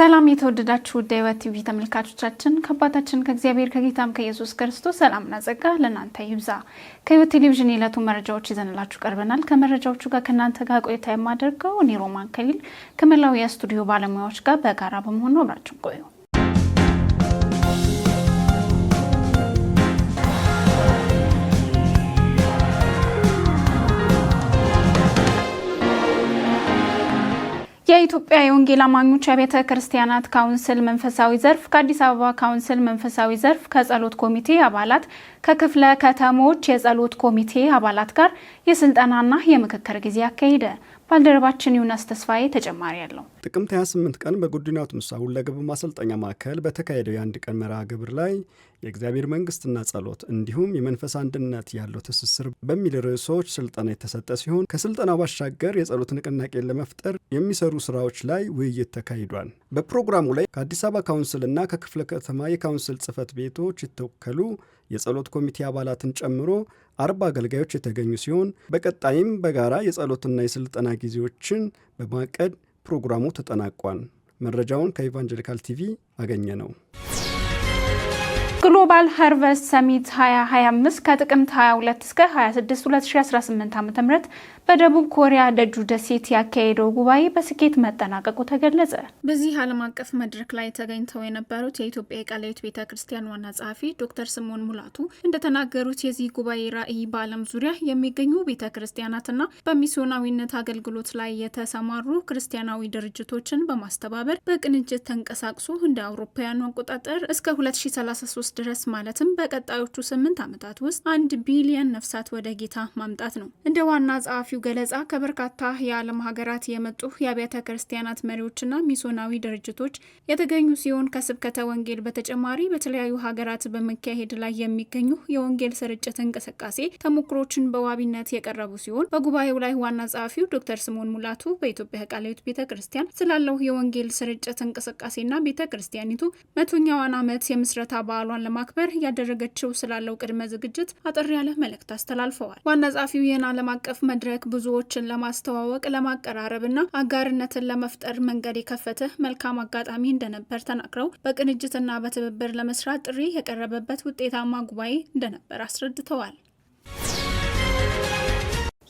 ሰላም የተወደዳችሁ ውድ የሕይወት ቲቪ ተመልካቾቻችን ከአባታችን ከእግዚአብሔር ከጌታም ከኢየሱስ ክርስቶስ ሰላምና ጸጋ ለእናንተ ይብዛ። ከሕይወት ቴሌቪዥን የዕለቱ መረጃዎች ይዘንላችሁ ቀርበናል። ከመረጃዎቹ ጋር ከእናንተ ጋር ቆይታ የማደርገው እኔ ሮማን ከሊል ከመላው የስቱዲዮ ባለሙያዎች ጋር በጋራ በመሆኑ አብራችን ቆዩ። የኢትዮጵያ የወንጌል አማኞች ቤተ ክርስቲያናት ካውንስል መንፈሳዊ ዘርፍ ከአዲስ አበባ ካውንስል መንፈሳዊ ዘርፍ ከጸሎት ኮሚቴ አባላት ከክፍለ ከተሞች የጸሎት ኮሚቴ አባላት ጋር የስልጠናና የምክክር ጊዜ አካሄደ። ባልደረባችን ዩናስ ተስፋዬ ተጨማሪ ያለው። ጥቅምት 28 ቀን በጉዲና ቱምሳ ሁለገብ ማሰልጠኛ ማዕከል በተካሄደው የአንድ ቀን መርሃ ግብር ላይ የእግዚአብሔር መንግስትና ጸሎት እንዲሁም የመንፈስ አንድነት ያለው ትስስር በሚል ርዕሶች ስልጠና የተሰጠ ሲሆን ከስልጠና ባሻገር የጸሎት ንቅናቄን ለመፍጠር የሚሰሩ ስራዎች ላይ ውይይት ተካሂዷል። በፕሮግራሙ ላይ ከአዲስ አበባ ካውንስልና ከክፍለ ከተማ የካውንስል ጽህፈት ቤቶች የተወከሉ የጸሎት ኮሚቴ አባላትን ጨምሮ አርባ አገልጋዮች የተገኙ ሲሆን በቀጣይም በጋራ የጸሎትና የስልጠና ጊዜዎችን በማቀድ ፕሮግራሙ ተጠናቋል። መረጃውን ከኢቫንጀሊካል ቲቪ አገኘ ነው። ግሎባል ሃርቨስት ሰሚት 2025 ከጥቅምት 22 እስከ 26 2018 ዓ ም በደቡብ ኮሪያ ደጁ ደሴት ያካሄደው ጉባኤ በስኬት መጠናቀቁ ተገለጸ። በዚህ ዓለም አቀፍ መድረክ ላይ ተገኝተው የነበሩት የኢትዮጵያ የቃልዮት ቤተ ክርስቲያን ዋና ጸሐፊ ዶክተር ስምዖን ሙላቱ እንደተናገሩት የዚህ ጉባኤ ራዕይ በዓለም ዙሪያ የሚገኙ ቤተ ክርስቲያናትና በሚስዮናዊነት አገልግሎት ላይ የተሰማሩ ክርስቲያናዊ ድርጅቶችን በማስተባበር በቅንጅት ተንቀሳቅሶ እንደ አውሮፓውያኑ አቆጣጠር እስከ 2033 ድረስ ማለትም በቀጣዮቹ ስምንት ዓመታት ውስጥ አንድ ቢሊየን ነፍሳት ወደ ጌታ ማምጣት ነው። እንደ ዋና ጸሐፊው ገለጻ ከበርካታ የዓለም ሀገራት የመጡ የአብያተ ክርስቲያናት መሪዎችና ሚሶናዊ ድርጅቶች የተገኙ ሲሆን ከስብከተ ወንጌል በተጨማሪ በተለያዩ ሀገራት በመካሄድ ላይ የሚገኙ የወንጌል ስርጭት እንቅስቃሴ ተሞክሮችን በዋቢነት የቀረቡ ሲሆን በጉባኤው ላይ ዋና ጸሐፊው ዶክተር ስምዖን ሙላቱ በኢትዮጵያ ቃላዊት ቤተ ክርስቲያን ስላለው የወንጌል ስርጭት እንቅስቃሴና ቤተ ክርስቲያኒቱ መቶኛዋን ዓመት የምስረታ በዓሏን በዓሏን ለማክበር እያደረገችው ስላለው ቅድመ ዝግጅት አጠር ያለ መልእክት አስተላልፈዋል። ዋና ጸሐፊው ይህን ዓለም አቀፍ መድረክ ብዙዎችን ለማስተዋወቅ ለማቀራረብና አጋርነትን ለመፍጠር መንገድ የከፈተ መልካም አጋጣሚ እንደነበር ተናግረው በቅንጅትና በትብብር ለመስራት ጥሪ የቀረበበት ውጤታማ ጉባኤ እንደነበር አስረድተዋል።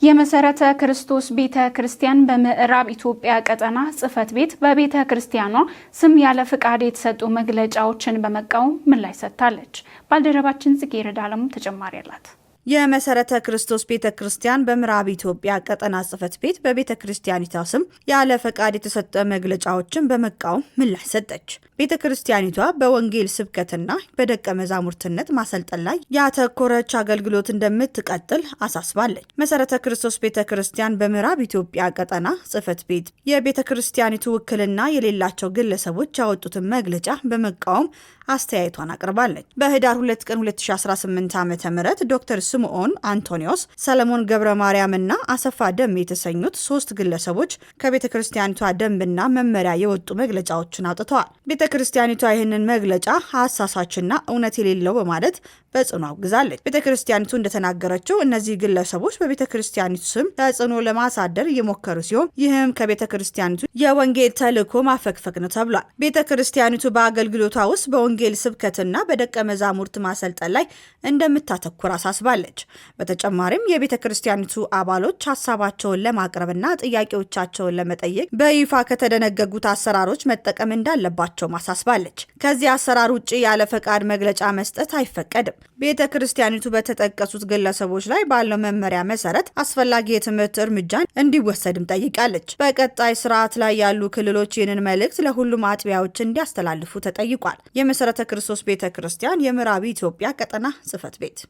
የመሰረተ ክርስቶስ ቤተ ክርስቲያን በምዕራብ ኢትዮጵያ ቀጠና ጽህፈት ቤት በቤተ ክርስቲያኗ ስም ያለ ፍቃድ የተሰጡ መግለጫዎችን በመቃወም ምላሽ ሰጥታለች። ባልደረባችን ጽጌረዳ አለሙ ተጨማሪ አላት። የመሰረተ ክርስቶስ ቤተ ክርስቲያን በምዕራብ ኢትዮጵያ ቀጠና ጽፈት ቤት በቤተ ክርስቲያኒቷ ስም ያለ ፈቃድ የተሰጠ መግለጫዎችን በመቃወም ምላሽ ሰጠች። ቤተ ክርስቲያኒቷ በወንጌል ስብከትና በደቀ መዛሙርትነት ማሰልጠን ላይ ያተኮረች አገልግሎት እንደምትቀጥል አሳስባለች። መሰረተ ክርስቶስ ቤተ ክርስቲያን በምዕራብ ኢትዮጵያ ቀጠና ጽፈት ቤት የቤተ ክርስቲያኒቱ ውክልና የሌላቸው ግለሰቦች ያወጡትን መግለጫ በመቃወም አስተያየቷን አቅርባለች። በህዳር 2 ቀን 2018 ዓ ም ዶክተር ስምዖን አንቶኒዎስ፣ ሰለሞን ገብረ ማርያምና አሰፋ ደም የተሰኙት ሶስት ግለሰቦች ከቤተ ክርስቲያኒቷ ደንብና መመሪያ የወጡ መግለጫዎችን አውጥተዋል። ቤተ ክርስቲያኒቷ ይህንን መግለጫ አሳሳችና እውነት የሌለው በማለት በጽኑ አውግዛለች። ቤተ ክርስቲያኒቱ እንደተናገረችው እነዚህ ግለሰቦች በቤተ ክርስቲያኒቱ ስም ተጽዕኖ ለማሳደር እየሞከሩ ሲሆን ይህም ከቤተ ክርስቲያኒቱ የወንጌል ተልዕኮ ማፈግፈግ ነው ተብሏል። ቤተ ክርስቲያኒቱ በአገልግሎቷ ውስጥ በወንጌል ስብከትና በደቀ መዛሙርት ማሰልጠን ላይ እንደምታተኩር አሳስባለች። በተጨማሪም የቤተ ክርስቲያኒቱ አባሎች ሀሳባቸውን ለማቅረብና ጥያቄዎቻቸውን ለመጠየቅ በይፋ ከተደነገጉት አሰራሮች መጠቀም እንዳለባቸውም አሳስባለች። ከዚህ አሰራር ውጭ ያለ ፈቃድ መግለጫ መስጠት አይፈቀድም። ቤተ ክርስቲያኒቱ በተጠቀሱት ግለሰቦች ላይ ባለው መመሪያ መሰረት አስፈላጊ የትምህርት እርምጃን እንዲወሰድም ጠይቃለች። በቀጣይ ስርዓት ላይ ያሉ ክልሎች ይህንን መልእክት ለሁሉም አጥቢያዎች እንዲያስተላልፉ ተጠይቋል። የመሰረተ ክርስቶስ ቤተ ክርስቲያን የምዕራቢ ኢትዮጵያ ቀጠና ጽህፈት ቤት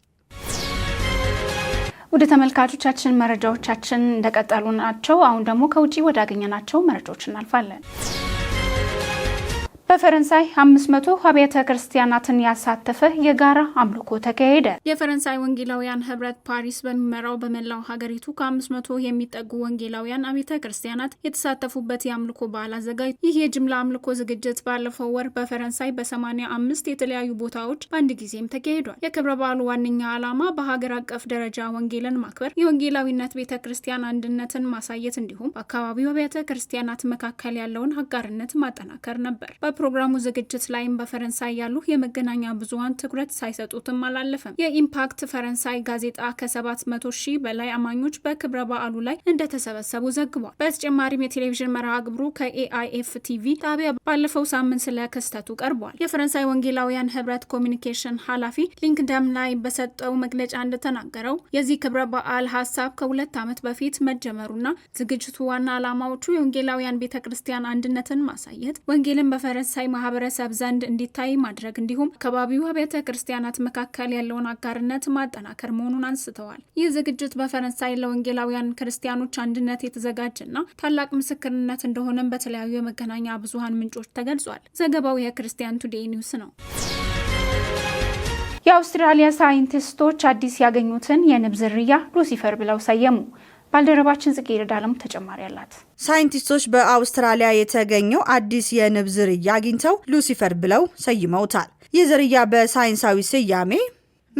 ወደ ተመልካቾቻችን መረጃዎቻችን እንደቀጠሉ ናቸው። አሁን ደግሞ ከውጭ ወዳገኘናቸው መረጃዎች እናልፋለን። በፈረንሳይ 500 አብያተ ክርስቲያናትን ያሳተፈ የጋራ አምልኮ ተካሄደ። የፈረንሳይ ወንጌላውያን ህብረት ፓሪስ በሚመራው በመላው ሀገሪቱ ከ500 የሚጠጉ ወንጌላውያን አብያተ ክርስቲያናት የተሳተፉበት የአምልኮ በዓል አዘጋጅ። ይህ የጅምላ አምልኮ ዝግጅት ባለፈው ወር በፈረንሳይ በ85 የተለያዩ ቦታዎች በአንድ ጊዜም ተካሂዷል። የክብረ በዓሉ ዋነኛ ዓላማ በሀገር አቀፍ ደረጃ ወንጌልን ማክበር፣ የወንጌላዊነት ቤተ ክርስቲያን አንድነትን ማሳየት እንዲሁም በአካባቢው አብያተ ክርስቲያናት መካከል ያለውን አጋርነት ማጠናከር ነበር። በፕሮግራሙ ዝግጅት ላይም በፈረንሳይ ያሉ የመገናኛ ብዙሀን ትኩረት ሳይሰጡትም አላለፈም። የኢምፓክት ፈረንሳይ ጋዜጣ ከሰባት መቶ ሺህ በላይ አማኞች በክብረ በዓሉ ላይ እንደተሰበሰቡ ዘግቧል። በተጨማሪም የቴሌቪዥን መርሃ ግብሩ ከኤአይኤፍ ቲቪ ጣቢያ ባለፈው ሳምንት ስለ ክስተቱ ቀርቧል። የፈረንሳይ ወንጌላውያን ህብረት ኮሚኒኬሽን ኃላፊ ሊንክደም ላይ በሰጠው መግለጫ እንደተናገረው የዚህ ክብረ በዓል ሀሳብ ከሁለት ዓመት በፊት መጀመሩና ዝግጅቱ ዋና ዓላማዎቹ የወንጌላውያን ቤተ ክርስቲያን አንድነትን ማሳየት ወንጌልን በፈረንሳይ በፈረንሳይ ማህበረሰብ ዘንድ እንዲታይ ማድረግ እንዲሁም ከባቢው ቤተ ክርስቲያናት መካከል ያለውን አጋርነት ማጠናከር መሆኑን አንስተዋል። ይህ ዝግጅት በፈረንሳይ ለወንጌላውያን ክርስቲያኖች አንድነት የተዘጋጀና ታላቅ ምስክርነት እንደሆነም በተለያዩ የመገናኛ ብዙሀን ምንጮች ተገልጿል። ዘገባው የክርስቲያን ቱዴይ ኒውስ ነው። የአውስትራሊያ ሳይንቲስቶች አዲስ ያገኙትን የንብ ዝርያ ሉሲፈር ብለው ሰየሙ። ባልደረባችን ጽጌ ይረዳለም ተጨማሪ አላት። ሳይንቲስቶች በአውስትራሊያ የተገኘው አዲስ የንብ ዝርያ አግኝተው ሉሲፈር ብለው ሰይመውታል። ይህ ዝርያ በሳይንሳዊ ስያሜ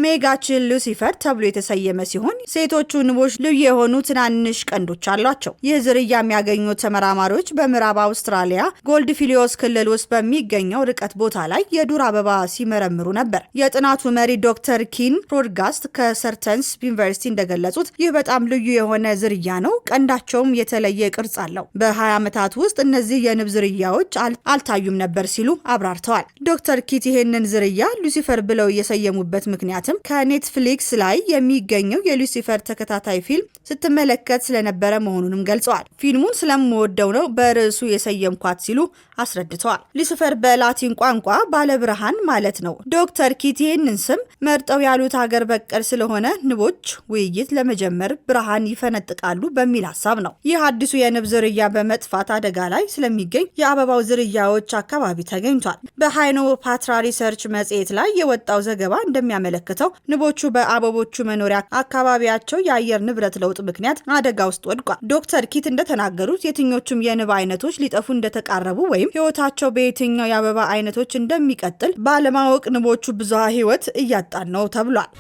ሜጋችን ሉሲፈር ተብሎ የተሰየመ ሲሆን ሴቶቹ ንቦች ልዩ የሆኑ ትናንሽ ቀንዶች አሏቸው። ይህ ዝርያ የሚያገኙት ተመራማሪዎች በምዕራብ አውስትራሊያ ጎልድ ፊሊዮስ ክልል ውስጥ በሚገኘው ርቀት ቦታ ላይ የዱር አበባ ሲመረምሩ ነበር። የጥናቱ መሪ ዶክተር ኪን ሮድጋስት ከሰርተንስ ዩኒቨርሲቲ እንደገለጹት ይህ በጣም ልዩ የሆነ ዝርያ ነው። ቀንዳቸውም የተለየ ቅርጽ አለው። በ20 ዓመታት ውስጥ እነዚህ የንብ ዝርያዎች አልታዩም ነበር ሲሉ አብራርተዋል። ዶክተር ኪት ይህንን ዝርያ ሉሲፈር ብለው የሰየሙበት ምክንያት ምክንያትም ከኔትፍሊክስ ላይ የሚገኘው የሉሲፈር ተከታታይ ፊልም ስትመለከት ስለነበረ መሆኑንም ገልጸዋል። ፊልሙን ስለምወደው ነው በርዕሱ የሰየምኳት ሲሉ አስረድተዋል። ሉሲፈር በላቲን ቋንቋ ባለብርሃን ማለት ነው። ዶክተር ኪት ይህንን ስም መርጠው ያሉት ሀገር በቀል ስለሆነ ንቦች ውይይት ለመጀመር ብርሃን ይፈነጥቃሉ በሚል ሀሳብ ነው። ይህ አዲሱ የንብ ዝርያ በመጥፋት አደጋ ላይ ስለሚገኝ የአበባው ዝርያዎች አካባቢ ተገኝቷል። በሃይኖ ፓትራ ሪሰርች መጽሔት ላይ የወጣው ዘገባ እንደሚያመለክት አመልክተው ንቦቹ በአበቦቹ መኖሪያ አካባቢያቸው የአየር ንብረት ለውጥ ምክንያት አደጋ ውስጥ ወድቋል። ዶክተር ኪት እንደተናገሩት የትኞቹም የንብ አይነቶች ሊጠፉ እንደተቃረቡ ወይም ህይወታቸው በየትኛው የአበባ አይነቶች እንደሚቀጥል ባለማወቅ ንቦቹ ብዝሃ ህይወት እያጣን ነው ተብሏል።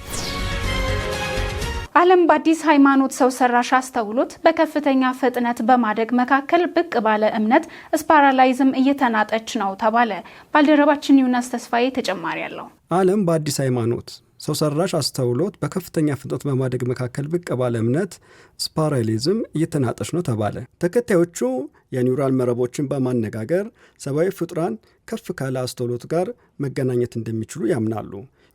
ዓለም በአዲስ ሃይማኖት ሰው ሰራሽ አስተውሎት በከፍተኛ ፍጥነት በማደግ መካከል ብቅ ባለ እምነት ስፓራላይዝም እየተናጠች ነው ተባለ። ባልደረባችን ዩናስ ተስፋዬ ተጨማሪ አለው። ዓለም በአዲስ ሃይማኖት ሰው ሰራሽ አስተውሎት በከፍተኛ ፍጥነት በማደግ መካከል ብቅ ባለ እምነት ስፓራሊዝም እየተናጠች ነው ተባለ። ተከታዮቹ የኒውራል መረቦችን በማነጋገር ሰብአዊ ፍጡራን ከፍ ካለ አስተውሎት ጋር መገናኘት እንደሚችሉ ያምናሉ።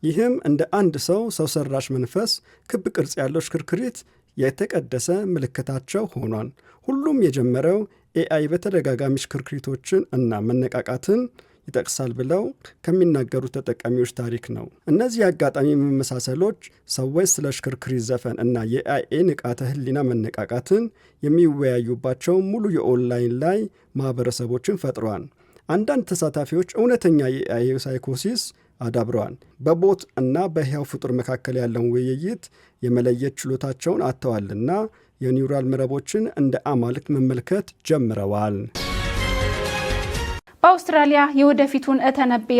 ይህም እንደ አንድ ሰው ሰው ሰራሽ መንፈስ ክብ ቅርጽ ያለው ሽክርክሪት የተቀደሰ ምልክታቸው ሆኗል። ሁሉም የጀመረው ኤአይ በተደጋጋሚ ሽክርክሪቶችን እና መነቃቃትን ይጠቅሳል ብለው ከሚናገሩት ተጠቃሚዎች ታሪክ ነው። እነዚህ አጋጣሚ መመሳሰሎች ሰዎች ስለ ሽክርክሪ ዘፈን እና የኤአይ ንቃተ ህሊና መነቃቃትን የሚወያዩባቸው ሙሉ የኦንላይን ላይ ማህበረሰቦችን ፈጥሯል። አንዳንድ ተሳታፊዎች እውነተኛ የኤአይ ሳይኮሲስ አዳብረዋል። በቦት እና በሕያው ፍጡር መካከል ያለውን ውይይት የመለየት ችሎታቸውን አጥተዋልና የኒውራል መረቦችን እንደ አማልክት መመልከት ጀምረዋል። አውስትራሊያ የወደፊቱን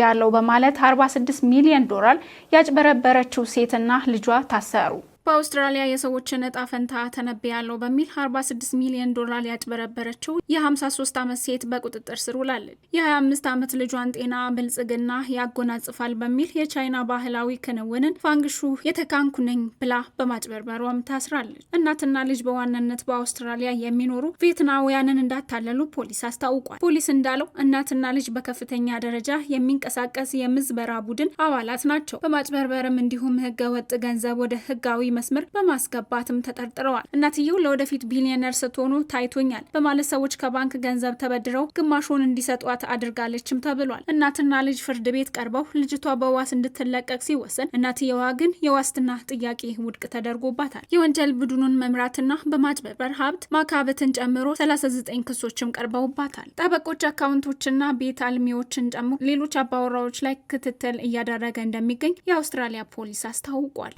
ያለው በማለት 46 ሚሊዮን ዶላር ያጭበረበረችው ሴትና ልጇ ታሰሩ። በአውስትራሊያ የሰዎችን እጣ ፈንታ ተነብያለሁ በሚል 46 ሚሊዮን ዶላር ያጭበረበረችው የ53 ዓመት ሴት በቁጥጥር ስር ውላለች። የ25 ዓመት ልጇን ጤና ብልጽግና ያጎናጽፋል በሚል የቻይና ባህላዊ ክንውንን ፋንግሹ የተካንኩ ነኝ ብላ በማጭበርበሯም ታስራለች። እናትና ልጅ በዋናነት በአውስትራሊያ የሚኖሩ ቪየትናውያንን እንዳታለሉ ፖሊስ አስታውቋል። ፖሊስ እንዳለው እናትና ልጅ በከፍተኛ ደረጃ የሚንቀሳቀስ የምዝበራ ቡድን አባላት ናቸው። በማጭበርበርም እንዲሁም ህገወጥ ወጥ ገንዘብ ወደ ህጋዊ መስመር በማስገባትም ተጠርጥረዋል። እናትየው ለወደፊት ቢሊዮነር ስትሆኑ ታይቶኛል በማለት ሰዎች ከባንክ ገንዘብ ተበድረው ግማሹን እንዲሰጧት አድርጋለችም ተብሏል። እናትና ልጅ ፍርድ ቤት ቀርበው ልጅቷ በዋስ እንድትለቀቅ ሲወሰን፣ እናትየዋ ግን የዋስትና ጥያቄ ውድቅ ተደርጎባታል። የወንጀል ቡድኑን መምራትና በማጭበርበር ሀብት ማካበትን ጨምሮ 39 ክሶችም ቀርበውባታል። ጠበቆች አካውንቶችና ቤት አልሚዎችን ጨምሮ ሌሎች አባወራዎች ላይ ክትትል እያደረገ እንደሚገኝ የአውስትራሊያ ፖሊስ አስታውቋል።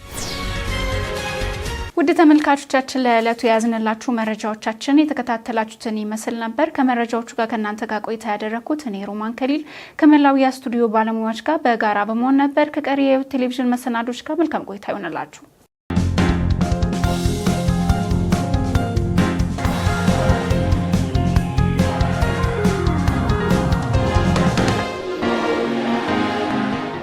ውድ ተመልካቾቻችን ለዕለቱ የያዝንላችሁ መረጃዎቻችን የተከታተላችሁትን ይመስል ነበር። ከመረጃዎቹ ጋር ከእናንተ ጋር ቆይታ ያደረግኩት እኔ ሮማን ከሊል ከመላው የስቱዲዮ ባለሙያዎች ጋር በጋራ በመሆን ነበር። ከቀሪ የቴሌቪዥን መሰናዶች ጋር መልካም ቆይታ ይሆንላችሁ።